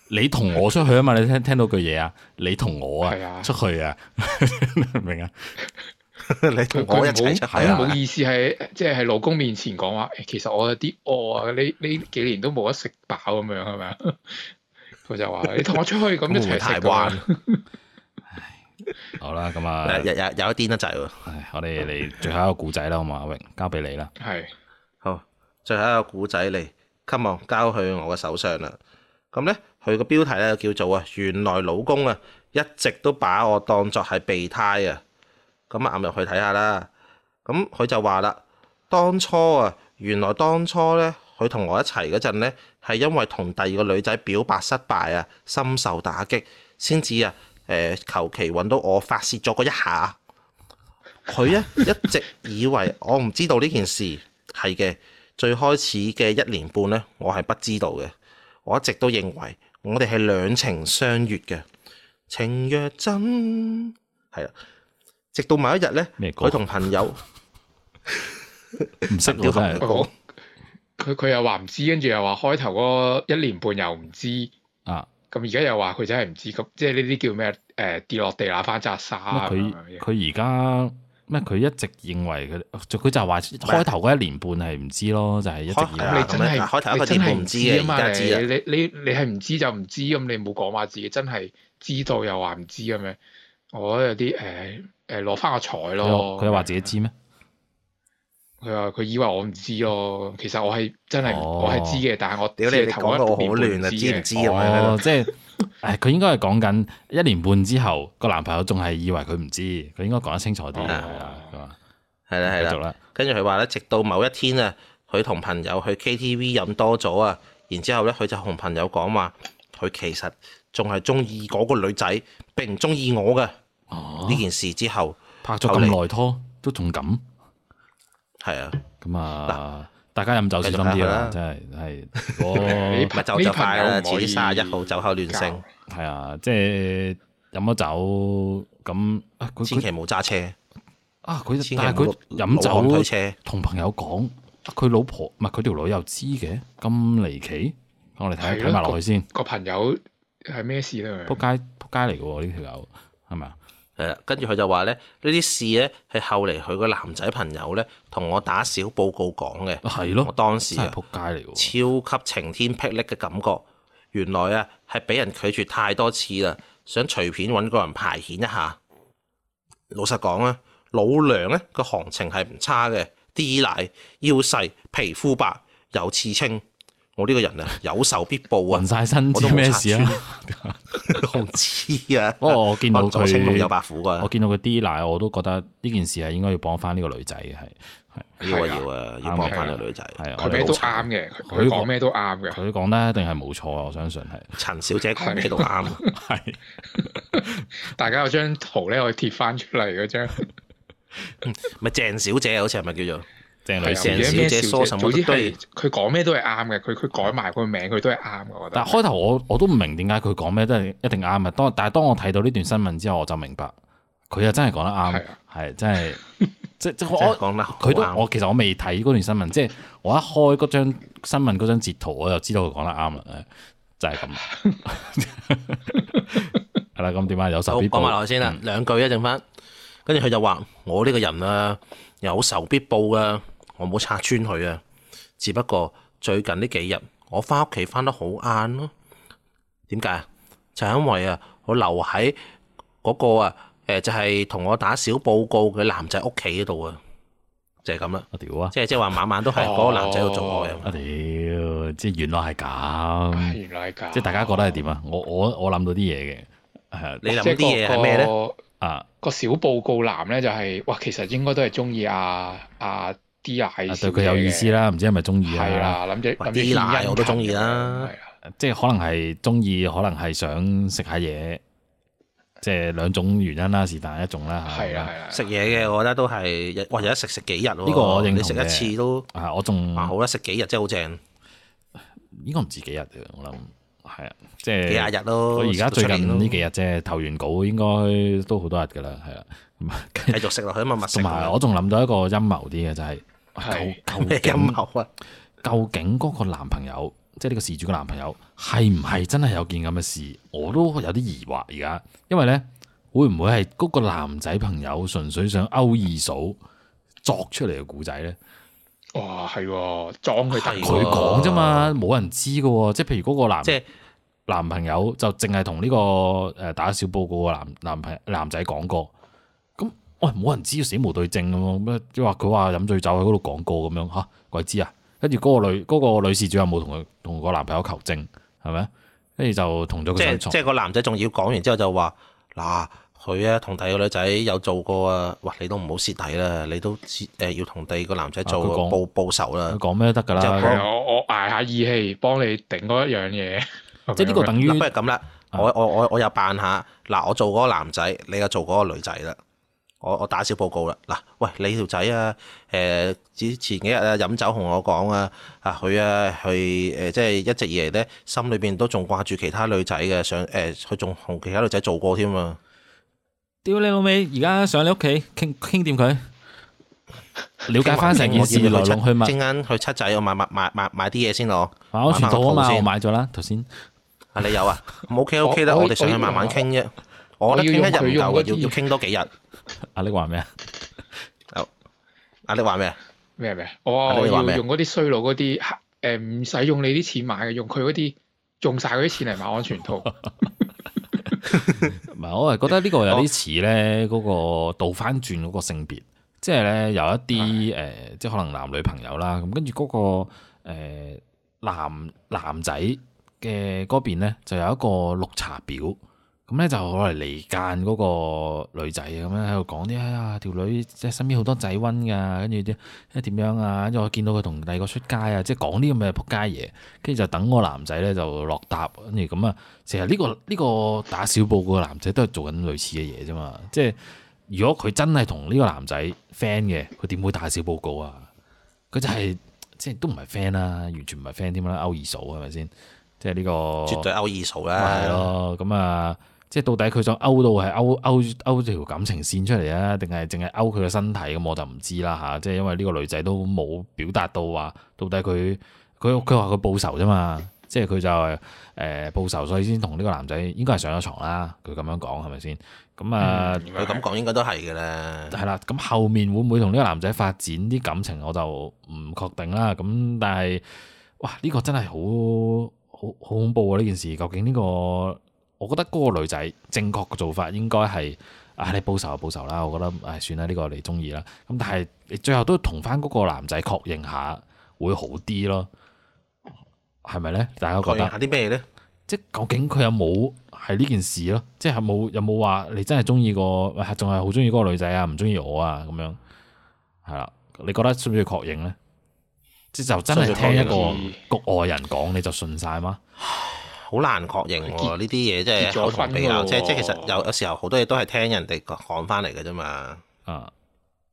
你同我出去啊嘛，你聽聽到句嘢啊？你同我啊出去啊？明啊？你同我一齊出去啊？唔好意思，係即係喺老公面前講話，其實我有啲餓啊，呢呢幾年都冇得食飽咁樣，係咪啊？佢就話你同我出去咁一齊食。好啦，咁啊，有有有一癲得滯，唉，我哋嚟最後一個故仔啦，好嘛，阿榮交俾你啦，係好。最後一個古仔嚟，come on，交去我嘅手上啦。咁、嗯、咧，佢個標題咧叫做啊，原來老公啊一直都把我當作係備胎啊。咁、嗯、啊，入去睇下啦。咁、嗯、佢就話啦，當初啊，原來當初咧，佢同我一齊嗰陣咧，係因為同第二個女仔表白失敗啊，深受打擊，先至啊，誒求其揾到我發泄咗嗰一下。佢咧一直以為我唔知道呢件事，係嘅。最開始嘅一年半咧，我係不知道嘅。我一直都認為我哋係兩情相悅嘅，情若真係啊。直到某一日咧，佢同朋友唔識屌佢佢佢又話唔知，跟住又話開頭嗰一年半又唔知啊。咁而家又話佢真係唔知，咁即係呢啲叫咩？誒、呃、跌落地揦返拃沙，佢而家。咩？佢一直認為佢，佢就話開頭嗰一年半係唔知咯，就係、係、一直以樣。你真係開頭一個真，真係唔知嘅嘛？你你你係唔知就唔知，咁你冇講話自己真係知道又話唔知咁樣。我有啲誒誒，攞翻個彩咯。佢話、哦、自己知咩？佢話佢以為我唔知咯，其實我係真係、哦、我係知嘅，但係我屌你，你講到好亂啊，知唔不知咁、哦、樣？即係。佢應該係講緊一年半之後個男朋友仲係以為佢唔知，佢應該講得清楚啲。係啦，係啦，續啦。跟住佢話咧，直到某一天啊，佢同朋友去 K T V 飲多咗啊，然之後咧，佢就同朋友講話，佢其實仲係中意嗰個女仔，並唔中意我嘅。呢件事之後拍咗咁耐拖都仲咁係啊。咁啊大家飲酒小心啲啦，真係係。唔係酒就唔好。呢排啦，遲啲三十一號酒後亂性。係啊，即係飲咗酒咁啊！佢千祈冇揸車。啊！佢但係佢飲酒同朋友講，佢老婆唔係佢條女又知嘅，咁離奇。我哋睇睇埋落去先。個朋友係咩事咧？仆街仆街嚟嘅喎，呢條友係咪啊？跟住佢就話咧，呢啲事咧係後嚟佢個男仔朋友咧同我打小報告講嘅，係咯、啊，的我當時真係仆街嚟喎，超級晴天霹靂嘅感覺，原來啊係俾人拒絕太多次啦，想隨便揾個人排遣一下。老實講啊，老娘咧個行情係唔差嘅，啲奶、腰細，皮膚白，有刺青。我呢個人啊，有仇必報啊！渾晒身，知咩事啊？我知啊！哦，我見到佢有白虎啊！我見到佢 D 奶，我都覺得呢件事係應該要幫翻呢個女仔嘅，係係要啊要啊，要幫翻個女仔。係佢咩都啱嘅，佢講咩都啱嘅，佢講咧一定係冇錯啊！我相信係陳小姐講咩都啱，係。大家有張圖咧，可以貼翻出嚟嗰張，咪鄭小姐好似係咪叫做？鄭係佢講咩都係啱嘅，佢佢改埋個名佢都係啱嘅。我覺得。但係開頭我我都唔明點解佢講咩都係一定啱啊！當但係當我睇到呢段新聞之後，我就明白佢又真係講得啱，係真係，即即我佢都我其實我未睇嗰段新聞，即我一開嗰張新聞嗰張截圖，我就知道佢講得啱啦，就係咁。係啦，咁點解有仇必報。講埋落去先啦，兩句一陣返，跟住佢就話：我呢個人啊，有仇必報啊。」我冇拆穿佢啊！只不過最近呢幾日，我翻屋企翻得好晏咯。點解啊？就係、是、因為啊，我留喺嗰個啊誒，就係、是、同我打小報告嘅男仔屋企嗰度啊，就係咁啦。屌啊！啊即係即係話晚晚都喺嗰個男仔度做愛。我屌、啊！即係原來係咁。原來係咁。啊、即係大家覺得係點啊？我我我諗到啲嘢嘅。你諗到啲嘢係咩咧？啊，那個那個小報告男咧就係、是、哇，其實應該都係中意阿阿。啊啲對佢有意思啦，唔知係咪中意啦。係啦對，諗住啲奶我都中意啦，即係可能係中意，可能係想食下嘢，即、就、係、是、兩種原因啦，是但一種啦嚇。係啊，食嘢嘅，我覺得都係，或者食食幾日喎、啊？呢個我認你食一次都啊，我仲好啦，食幾日真係好正。應該唔止幾日，我諗係啊，即係幾廿日咯。而家最近呢幾日即係投完稿，應該都好多日噶啦，係啦， [laughs] 繼續食落去啊嘛。同埋我仲諗到一個陰謀啲嘅就係、是。係陰謀，究竟嗰個男朋友，即係呢個事主嘅男朋友，係唔係真係有件咁嘅事？我都有啲疑惑而家，因為呢，會唔會係嗰個男仔朋友純粹想勾二嫂作出嚟嘅故仔呢？哇，係喎，裝佢第二佢講啫嘛，冇的人知噶喎。即係譬如嗰個男即係男朋友就淨係同呢個誒打小報告個男男朋男仔講過。喂，冇人知死無對證咁咩即係話佢話飲醉酒喺嗰度講過咁樣吓，鬼知啊！跟住嗰個女嗰個女事主有冇同佢同個男朋友求證，係咪？跟住就同咗個即係即係個男仔仲要講完之後就話嗱，佢啊同第二個女仔有做過啊，哇！你都唔好蝕底啦，你都誒要同第二個男仔做報報仇啦，講咩都得噶啦，我我捱下義氣幫你頂多一樣嘢，即係呢個等於，不如咁啦，我我我我又扮下嗱，我做嗰個男仔，你又做嗰個女仔啦。我我打小報告啦！嗱，喂，你條仔啊，誒，前前幾日啊，飲酒同我講啊，啊，佢啊，佢誒，即係一直以嚟呢心裏邊都仲掛住其他女仔嘅，上誒，佢仲同其他女仔做過添啊！屌你老味，而家上你屋企傾傾掂佢，了解翻成件事來龍去脈，陣間去七仔，我買買買買買啲嘢先囉，全部到啊嘛，買咗啦，頭先啊，你有啊？OK OK 啦，我哋上去慢慢傾啫。我，我要佢用嗰啲，要傾多幾日。 [laughs] 阿你話咩？阿你話咩？咩咩？我，我用、啊、用用嗰啲衰佬嗰啲，誒，唔使用你啲錢買嘅，用佢嗰啲用晒嗰啲錢嚟買安全套。唔係，我係覺得呢個有啲似咧，嗰，那個倒翻轉嗰個性別，就是 [laughs] 呃，即係咧有一啲誒，即係可能男女朋友啦。咁跟住嗰，那個誒、呃、男男仔嘅嗰邊咧，邊就有一個綠茶婊。咁咧就攞嚟離間嗰個女仔，咁樣喺度講啲呀，條女即係身邊好多仔揾噶，跟住啲即係點樣啊？跟住我見到佢同第二個出街啊，即係講啲咁嘅仆街嘢，跟住就等嗰個男仔咧就落搭。跟住咁啊，成日呢個呢、呢個打小報告嘅男仔都係做緊類似嘅嘢啫嘛。即係如果佢真係同呢個男仔 friend 嘅，佢點會打小報告啊？佢就係、係、即係都唔係 friend 啦，完全唔係 friend 添啦，勾二嫂係咪先？即係呢、呢個絕對勾二嫂啦，係咯，咁啊～即係到底佢想勾到係勾勾勾條感情線出嚟啊？定係淨係勾佢嘅身體，咁我就唔知啦吓！即係因為呢個女仔都冇表達到話，到底佢佢佢話佢報仇啫嘛！即係佢就係、是、誒、呃、報仇，所以先同呢個男仔應該係上咗床啦。佢咁樣講係咪先？咁、嗯、啊，佢咁講應該都係嘅咧，係啦，咁後面會唔會同呢個男仔發展啲感情我就唔確定啦。咁但係哇，呢、這個真係好好好，好恐怖啊！呢件事究竟呢、這個？我覺得嗰個女仔正確嘅做法應該係啊，你報仇就報仇啦。我覺得唉、哎，算啦，呢、這個你中意啦。咁但係你最後都同翻嗰個男仔確認下會好啲咯，係咪咧？大家覺得啲咩咧？即係究竟佢有冇係呢件事咯？即係冇有冇話你真係中意個，仲係好中意嗰個女仔啊？唔中意我啊？咁樣係啦。你覺得需唔需要確認咧？即係就真係聽一個局外人講你就信晒嗎？好難確認喎，呢啲嘢真係口比較，即係即係其實有有時候好多嘢都係聽人哋講翻嚟嘅啫嘛。啊，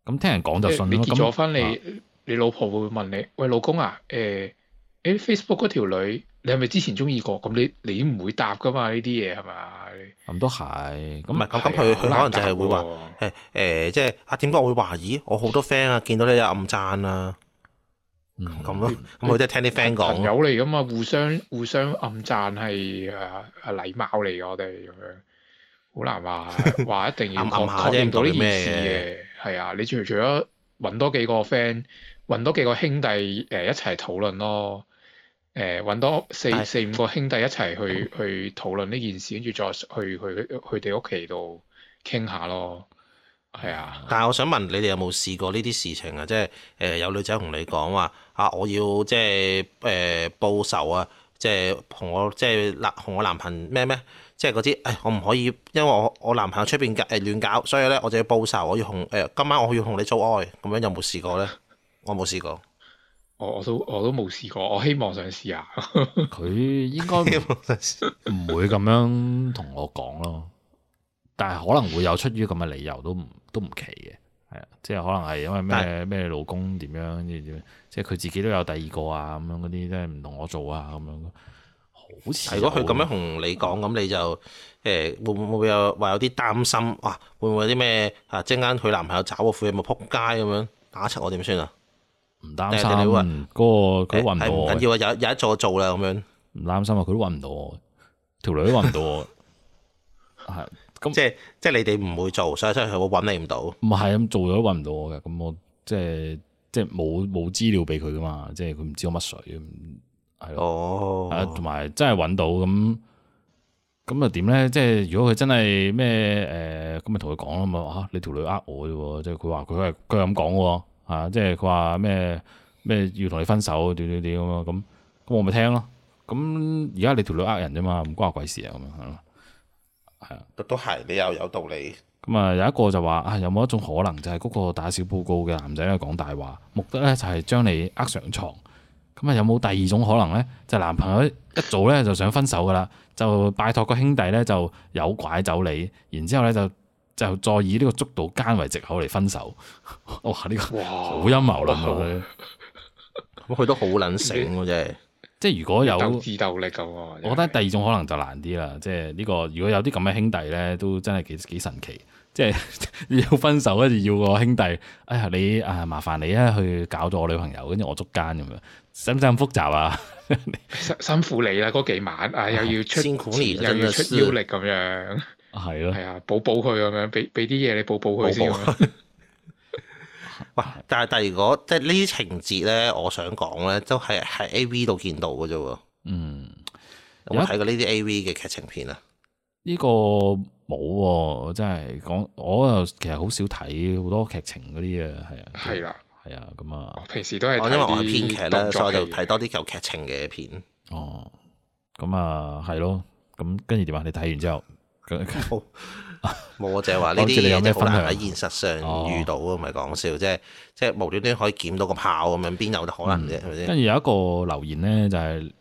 咁聽人講就順便你結咗婚，你你老婆會問你：喂，老公啊，誒誒，Facebook 嗰條女，你係咪之前中意過？咁你你唔會答㗎嘛？呢啲嘢係咪？咁都係，咁唔係咁咁佢佢可能就係會話，誒誒，即係啊點解會懷疑？我好多 friend 啊，見到你又暗讚啊。嗯，咁咯，咁我都係聽啲 friend 講，朋友嚟噶嘛，互相互相暗讚係誒誒禮貌嚟噶，我哋咁樣，好難話話一定要確認到呢件事嘅，係 [laughs] 啊，你除除咗搵多幾個 friend，搵多幾個兄弟誒、呃、一齊討論咯，誒、呃、搵多四的四五個兄弟一齊去 [laughs] 去討論呢件事，跟住再去去去佢哋屋企度傾下咯。係啊，但係我想問你哋有冇試過呢啲事情啊？即係誒，有女仔同你講話啊，我要即係誒報仇啊，即係同我即係男同我男朋友咩咩，即係嗰啲誒，我唔可以，因為我我男朋友出邊誒亂搞，所以咧我就要報仇，我要同誒、呃、今晚我要同你做愛，咁樣有冇試過咧？我冇試過，我我都我都冇試過，我希望想試下，佢 [laughs] 應該唔 [laughs] 會咁樣同我講咯。 [laughs] 但係可能會有出於咁嘅理由，都唔都唔奇嘅，係啊，即係可能係因為咩咩是老公點樣點點，即係佢自己都有第二個啊，咁樣嗰啲即係唔同我做啊，咁樣。好似係如果佢咁樣同你講，咁你就誒、欸、會唔會有話有啲擔心？哇，會唔會有啲咩啊？即間佢男朋友找個副有冇仆街咁樣打柒我點算啊？唔擔心，你、嗰個佢都揾唔到我，唔緊要啊，有有一座做做啦咁樣。唔擔心啊，佢都揾唔到我，條女都揾唔到我，係。咁那即係即係你哋唔會做，嗯、所以所以佢會搵你唔到。唔係，咁做咗都搵唔到我嘅。咁我即係即係冇冇資料俾佢噶嘛，即係佢唔知我乜水，係咯。哦。同埋真係搵到咁，咁又點咧？即係如果佢真係咩誒，咁咪同佢講吖嘛。啊，你條女呃我啫，即係佢話佢係佢係咁講喎。即係佢話咩咩要同你分手，點點點咁樣咁，咁我咪聽咯。咁而家你條女呃人啫嘛，唔關我鬼事啊咁樣。都都係，你又有道理。咁啊，有一個就話啊，有冇一種可能就係嗰個打小報告嘅男仔係講大話，目的咧就係將你呃上床。咁啊，有冇第二種可能咧？就是、男朋友一早咧就想分手噶啦，就拜託個兄弟咧就誘拐走你，然之後咧就就再以呢個捉到姦為藉口嚟分手。哦，呢、這個哇，好陰謀論，佢、嗯，都好撚醒嘅真即係如果有，鬥智鬥力咁、哦，我覺得第二種可能就難啲啦。即係呢、這個如果有啲咁嘅兄弟咧，都真係幾幾神奇。即係 [laughs] 要分手咧，要個兄弟，哎呀你啊麻煩你啊去搞咗我女朋友，跟住我捉奸咁樣，使唔使咁複雜啊？ [laughs] 辛苦你啦，嗰幾晚啊又要出苦又要出腰力咁樣，係咯，係啊，補補佢咁樣，俾俾啲嘢你補補佢先。哇！但係但係，如果即係呢啲情節咧，我想講咧，都係喺 A.V. 度見到嘅啫喎。嗯，有冇睇過呢啲 A.V. 嘅劇情片啊？呢、這個冇，真係講我又其實好少睇好多劇情嗰啲啊，係啊，係啦，係啊，咁啊。我平時都係因為我係編劇咧，所以就睇多啲有劇情嘅片。哦、嗯，咁啊，係咯，咁跟住點啊？你睇完之後。 [laughs] 冇，我就係話呢啲有咩可能喺現實上遇到啊？唔係講笑，即係即係無端端可以撿到個炮咁樣，邊有得可能啫？跟住，嗯，有一個留言咧，就係，是，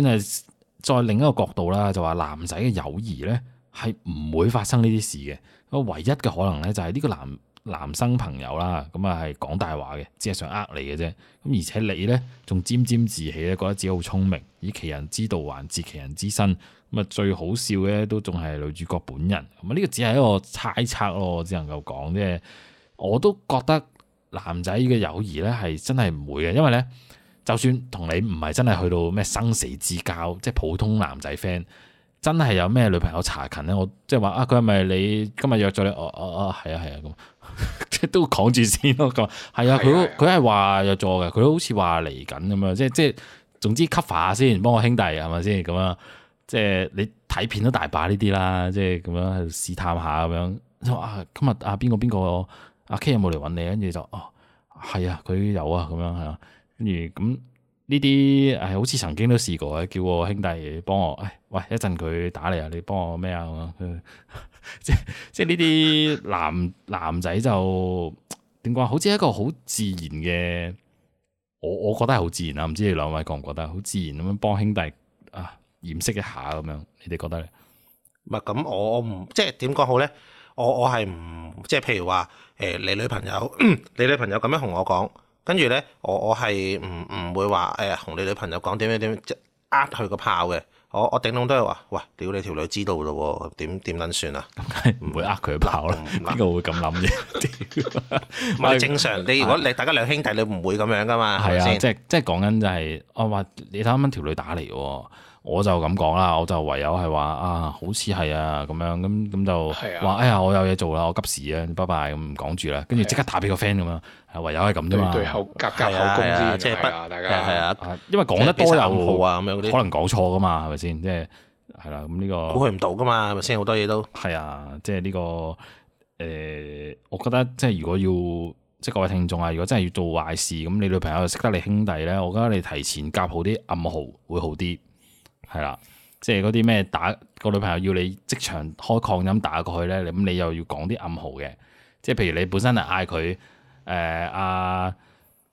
算係在另一個角度啦，就話男仔嘅友誼咧係唔會發生呢啲事嘅。咁唯一嘅可能咧就係呢個男。男生朋友啦，咁啊係講大話嘅，只係想呃你嘅啫。咁而且你呢，仲沾沾自喜咧，覺得自己好聰明，以其人之道還治其人之身。咁啊最好笑嘅都仲係女主角本人。咁呢個只係一個猜測咯，我只能夠講啫。我都覺得男仔嘅友誼呢係真係唔會嘅，因為呢，就算同你唔係真係去到咩生死之交，即係普通男仔 friend。真係有咩女朋友查勤咧？我即係話啊，佢係咪你今日約咗你？哦哦哦，係啊係啊咁，即係都講住先咯咁。係啊，佢佢係話約咗我嘅，佢好似話嚟緊咁樣。即即係總之 cover 下先，幫我兄弟係咪先咁樣？即係你睇片都大把呢啲啦，即係咁樣去試探下咁樣。你話啊，今日啊邊個邊個阿 K 有冇嚟揾你？跟住就哦，係啊，佢有啊咁樣，係啊，跟住咁。呢啲誒，好似曾經都試過嘅，叫我兄弟幫我，誒、哎、喂，一陣佢打嚟啊，你幫我咩啊？咁 [laughs] 即即呢啲男男仔就點講？好似一個好自然嘅，我我覺得係好自然啊！唔知你兩位覺唔覺得？好自然咁樣幫兄弟啊，掩飾一下咁樣，你哋覺得咧？唔係咁，我我唔即點講好咧？我我係唔即譬如話誒、呃，你女朋友你女朋友咁樣同我講。跟住咧，我我係唔唔會話誒，同、哎、你女朋友講點樣點樣，即呃佢個炮嘅。我我頂籠都係話，喂，屌你條女知道咯，點點捻算啊？唔會呃佢炮咯，邊個會咁諗嘅？唔係正常，你如果你大家兩兄弟，你唔會咁樣噶嘛？係啊，即係即係講緊就係，我話你睇下點，條女打嚟。我就咁講啦，我就唯有係話啊，好似係啊咁樣咁咁就話、啊、哎呀，我有嘢做啦，我急事啊，拜拜咁唔講住啦，跟住即刻打俾個 friend 咁樣，係唯有係咁啫嘛。對口夾夾口供啲，即係大家係啊，因為講得多暗號啊，咁樣可能講錯噶嘛，係咪先？即係係啦，咁呢、這個估佢唔到噶嘛，係咪先？好多嘢都係啊。即係呢個誒、呃，我覺得即係如果要即係各位聽眾啊，如果真係要做壞事咁，你女朋友識得你兄弟咧，我覺得你提前夾好啲暗號會好啲。係啦，即係嗰啲咩打個女朋友要你即場開擴音打過去咧，咁你又要講啲暗號嘅，即係譬如你本身係嗌佢誒阿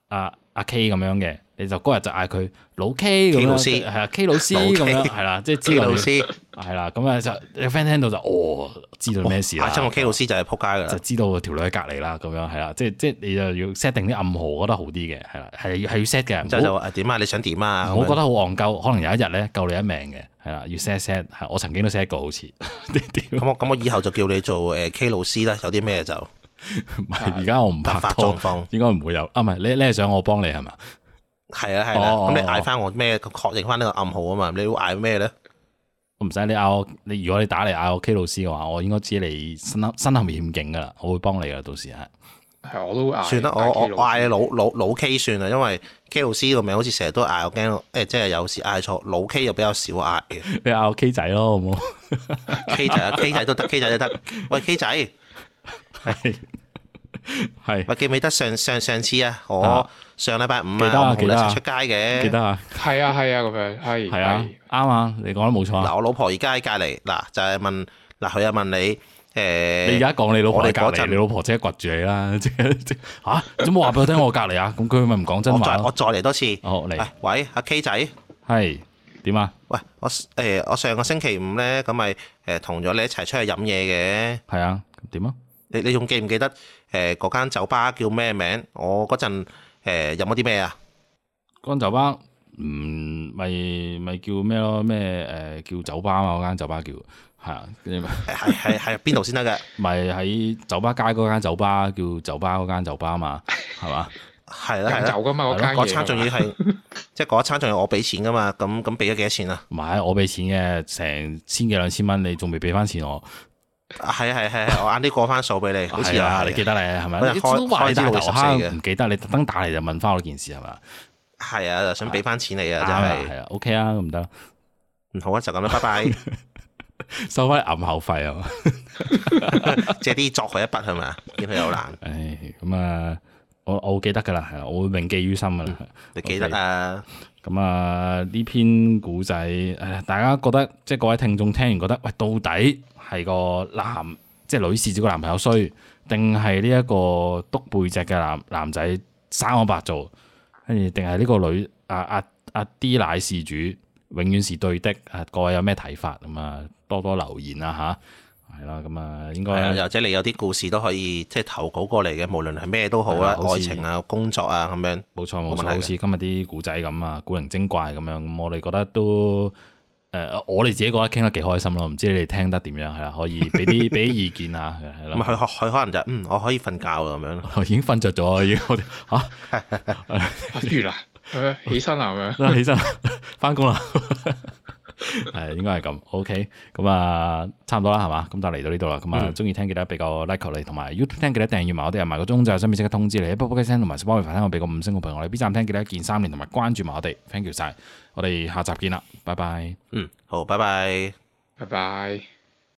阿阿 K 咁樣嘅。你就嗰日就嗌佢老 K 老師係啊，K 老師咁樣係啦，即係知老師係啦，咁啊就有 friend 聽到就哦，知道咩事啦。聽個 K 老師就係仆街噶啦，就知道條女喺隔離啦，咁樣係啦，即係即係你就要 set 定啲暗號，我覺得好啲嘅，係啦，係係要 set 嘅。即係就話點啊？你想點啊？我覺得好戇鳩，可能有一日咧救你一命嘅，係啦，要 set set。我曾經都 set 過好似。咁我咁我以後就叫你做誒 K 老師啦，有啲咩就而家我唔怕。拍拖，應該唔會有啊。唔係你你係想我幫你係嘛？係啊係，啊。咁、哦、你嗌翻我咩確、哦、認翻呢個暗號啊嘛？你會嗌咩咧？我唔使你嗌我，你如果你打嚟嗌我 K 老師嘅話，我應該知你身身陷險境噶啦，我會幫你噶啦，到時係係我都算啦，我我嗌老老老 K 算啦，因為 K 老師個名好似成日都嗌，我驚誒，即係有時嗌錯老 K 又比較少嗌嘅，你嗌我 K 仔咯，好唔好？K 仔 K 仔都得，K 仔都得，喂 [laughs] K 仔。K 仔 [laughs] 係，記唔記得上上上次啊，我上禮拜五啊，我哋一齊出街嘅，記得啊，係啊係啊咁樣，係係啊，啱啊，你講得冇錯啊。嗱，我老婆而家喺隔籬，嗱就係問，嗱佢又問你，誒，你而家講你老婆隔籬，你老婆即刻掘住你啦，即係吓，你冇話俾我聽我隔籬啊，咁佢咪唔講真話咯。我再我再嚟多次，好嚟，喂阿 K 仔，係點啊？喂，我誒我上個星期五咧，咁咪誒同咗你一齊出去飲嘢嘅，係啊，點啊？你你仲記唔記得誒嗰間酒吧叫咩名？我嗰陣誒飲咗啲咩啊？嗰、呃、間酒吧唔咪咪叫咩咯？咩、誒、呃、叫酒吧嘛？嗰間酒吧叫係啊？係係係邊度先得嘅？咪喺 [laughs] 酒吧街嗰間酒吧叫酒吧嗰間酒吧嘛？係嘛？係啦係啦。酒噶嘛？我我餐仲要係即係嗰餐仲要我俾錢噶嘛？咁咁俾咗幾多還還錢啊？唔係我俾錢嘅，成千幾兩千蚊，你仲未俾翻錢我？係啊係係，我晏啲過翻數俾你。係 [laughs] 啊，你記得你，係咪？開大頭蝦唔記得，你特登打嚟就問翻我件事係咪？係啊，想俾翻錢你啊，真係、啊。係啊，OK 啊，咁得。好啊，就咁啦，拜拜。 [laughs] 收翻掩口費啊，借 [laughs] 啲 [laughs] 作佢一筆係咪啊？佢有難。唉、 [laughs] 哎，咁、嗯、啊。我我記得噶啦，係啦，我會銘記於心噶啦。你記得啊？咁啊呢篇古仔，誒大家覺得即係各位聽眾聽完覺得，喂到底係個男即係女事主個男朋友衰，定係呢一個篤背脊嘅男男仔生我白做，跟住定係呢個女啊啊阿啲，啊啊、奶事主永遠是對的？誒各位有咩睇法咁啊？多多留言啊吓。係啦，咁啊，應該係啊，或者你有啲故事都可以即係投稿過嚟嘅，無論係咩都好啊，愛情啊，工作啊咁樣，冇錯冇錯，好似今日啲古仔咁啊，古靈精怪咁樣，咁我哋覺得都誒、呃，我哋自己覺得傾得幾開心咯，唔知你哋聽得點樣？係啦，可以俾啲俾意見啊，係啦，唔係佢佢可能就是、嗯，我可以瞓覺咁樣 [laughs] ，已經瞓着咗，已經吓，阿 [laughs] 月啊，起身啊，咁樣， [laughs] [laughs] 起身，翻工啦。係 [laughs] 應該係咁，OK，咁、嗯、啊，差唔多啦，係嘛？咁就嚟到呢度啦，咁、嗯、啊，中意、嗯、聽記得畀個 like 我哋，同埋 YouTube you 聽記得訂閱埋我哋埋個鐘仔，順便即刻通知你，波波嘅聲同埋 Spotify 聽我俾個五星好評，我哋 B 站聽記得一鍵三連同埋關注埋我哋，thank you 晒，我哋下集見啦，拜拜，嗯，好，拜拜，拜拜。